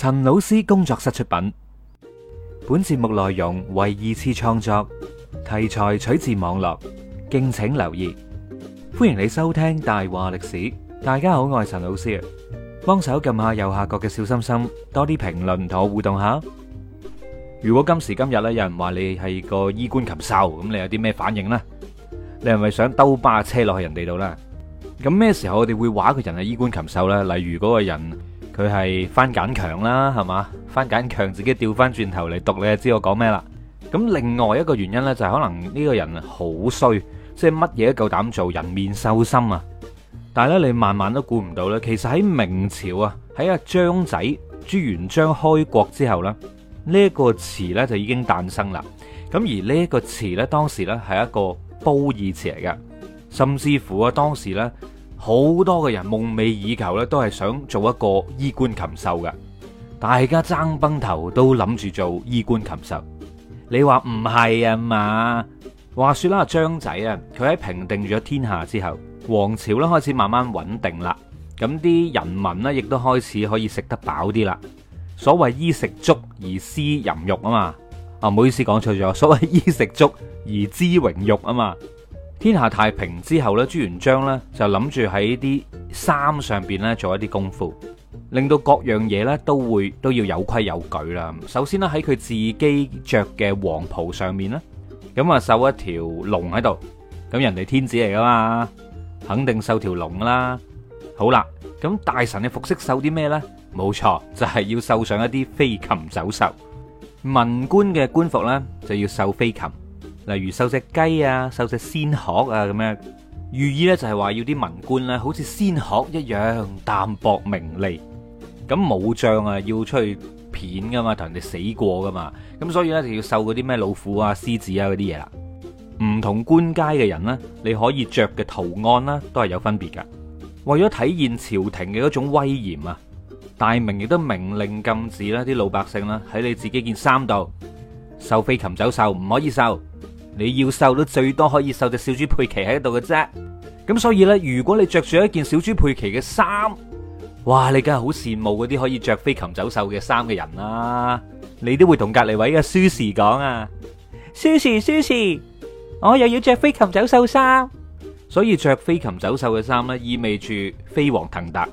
陳老師工作室出品，本節目內容為二次創作，題材取自網絡，敬請留意。歡迎你收聽《大話歷史》，大家好，我係陳老師，幫手撳下右下角嘅小心心，多啲評論同我互動下。如果今時今日咧，有人話你係個衣冠禽獸，咁你有啲咩反應呢？你係咪想兜巴車落去人哋度呢？咁咩時候我哋會話一個人係衣冠禽獸呢？例如嗰個人。佢係翻簡強啦，係嘛？翻簡強自己調翻轉頭嚟讀，你就知我講咩啦。咁另外一個原因呢，就係可能呢個人好衰，即係乜嘢都夠膽做，人面獸心啊！但係咧，你慢慢都估唔到咧，其實喺明朝啊，喺阿張仔朱元璋開國之後呢，呢一個詞咧就已經誕生啦。咁而呢一個詞咧，當時咧係一個褒義詞嚟嘅，甚至乎啊，當時咧。好多嘅人夢寐以求呢都係想做一個衣冠禽獸嘅，大家爭崩頭都諗住做衣冠禽獸。你話唔係啊嘛？話說啦，張仔啊，佢喺平定咗天下之後，王朝呢開始慢慢穩定啦。咁啲人民呢亦都開始可以食得飽啲啦。所謂衣食足而思淫欲啊嘛。啊唔好意思講錯咗，所謂衣食足而知榮辱啊嘛。天下太平之後咧，朱元璋咧就諗住喺啲衫上邊咧做一啲功夫，令到各樣嘢咧都會都要有規有矩啦。首先咧喺佢自己著嘅黃袍上面咧，咁啊繡一條龍喺度，咁人哋天子嚟噶嘛，肯定繡條龍啦。好啦，咁大臣嘅服飾繡啲咩咧？冇錯，就係要繡上一啲飛禽走獸。文官嘅官服咧就要繡飛禽。例如繡隻雞啊，繡隻仙鶴啊，咁樣寓意咧就係話要啲文官咧，好似仙鶴一樣淡薄名利。咁武將啊，要出去片噶嘛，同人哋死過噶嘛，咁所以咧就要繡嗰啲咩老虎啊、獅子啊嗰啲嘢啦。唔同官階嘅人呢，你可以着嘅圖案啦，都係有分別噶。為咗體現朝廷嘅一種威嚴啊，大明亦都明令禁止啦，啲老百姓啦喺你自己件衫度繡飛禽走獸，唔可以繡。你要瘦都最多可以瘦隻小豬佩奇喺度嘅啫，咁所以呢，如果你着住一件小豬佩奇嘅衫，哇，你梗係好羨慕嗰啲可以着飛禽走獸嘅衫嘅人啦。你都會同隔籬位嘅舒時講啊，舒時舒時，我又要着飛禽走獸衫。所以着飛禽走獸嘅衫呢，意味住飛黃騰達。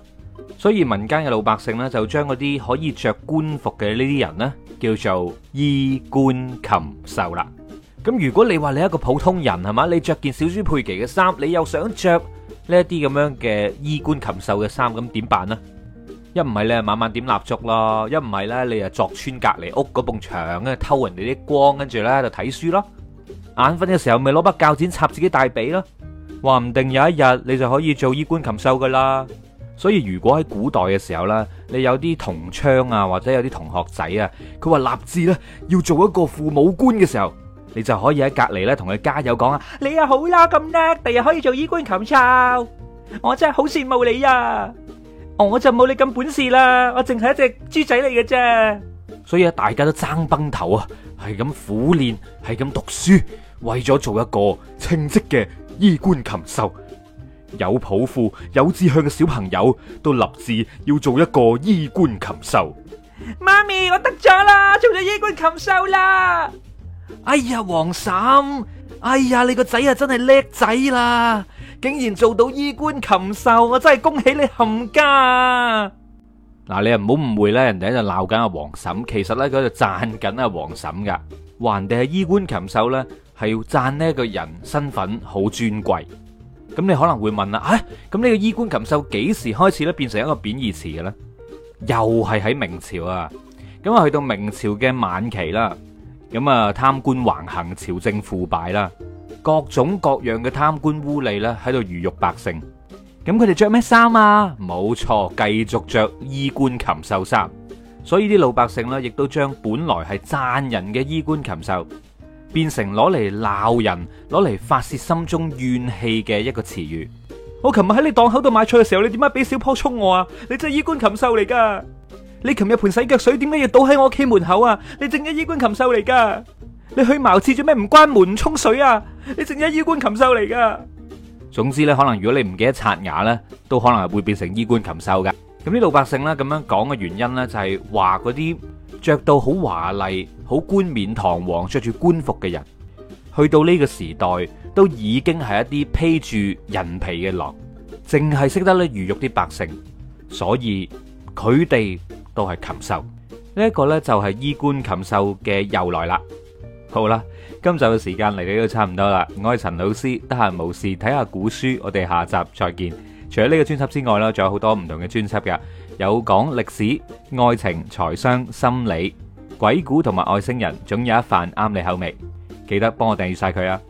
所以民間嘅老百姓呢，就將嗰啲可以着官服嘅呢啲人呢，叫做衣冠禽獸啦。咁如果你話你係一個普通人係嘛，你着件小豬佩奇嘅衫，你又想着呢一啲咁樣嘅衣冠禽獸嘅衫，咁點辦呢？一唔係你啊晚晚點蠟燭啦，一唔係咧你啊鑿穿隔籬屋嗰埲牆啊偷人哋啲光，跟住咧就睇書咯。眼瞓嘅時候咪攞把鉸剪插自己大髀咯，話唔定有一日你就可以做衣冠禽獸噶啦。所以如果喺古代嘅時候咧，你有啲同窗啊或者有啲同學仔啊，佢話立志咧要做一個父母官嘅時候。你就可以喺隔籬咧，同佢家友講啊，你啊好啦，咁叻，第日可以做衣冠禽獸，我真係好羨慕你啊！我就冇你咁本事啦，我淨係一隻豬仔嚟嘅啫。所以啊，大家都爭崩頭啊，係咁苦練，係咁讀書，為咗做一個稱職嘅衣冠禽獸。有抱負、有志向嘅小朋友都立志要做一個衣冠禽獸。媽咪，我得咗啦，做咗衣冠禽獸啦！哎呀，黃嬸，哎呀，你個仔啊真係叻仔啦，竟然做到衣冠禽獸，我真係恭喜你冚家！嗱，你又唔好誤會咧，人哋喺度鬧緊阿黃嬸，其實咧佢喺度讚緊阿黃嬸噶，話人哋係衣冠禽獸咧，係要讚呢一個人身份好尊貴。咁你可能會問啦，吓，咁呢個衣冠禽獸幾時開始咧變成一個貶義詞嘅咧？又係喺明朝啊，咁啊去到明朝嘅晚期啦。咁啊，貪官橫行，朝政腐敗啦，各種各樣嘅貪官污吏呢喺度魚肉百姓。咁佢哋着咩衫啊？冇錯，繼續着衣冠禽獸衫。所以啲老百姓呢，亦都將本來係讚人嘅衣冠禽獸，變成攞嚟鬧人，攞嚟發洩心中怨氣嘅一個詞語。我琴日喺你檔口度買菜嘅時候，你點解俾小波沖我啊？你真係衣冠禽獸嚟噶！你琴日盆洗腳水點解要倒喺我屋企門口啊？你淨係衣冠禽獸嚟噶！你去茅廁做咩唔關門沖水啊？你淨係衣冠禽獸嚟噶！總之呢，可能如果你唔記得刷牙呢，都可能係會變成衣冠禽獸噶。咁啲老百姓呢，咁樣講嘅原因呢、就是，就係話嗰啲着到好華麗、好冠冕堂皇，着住官服嘅人，去到呢個時代都已經係一啲披住人皮嘅狼，淨係識得咧魚肉啲百姓，所以佢哋。都係禽獸，呢、這、一個呢就係衣冠禽獸嘅由來啦。好啦，今集嘅時間嚟到都差唔多啦。我係陳老師，得閒無事睇下古書，我哋下集再見。除咗呢個專輯之外啦，仲有好多唔同嘅專輯㗎，有講歷史、愛情、財商、心理、鬼故同埋外星人，總有一份啱你口味。記得幫我訂閱晒佢啊！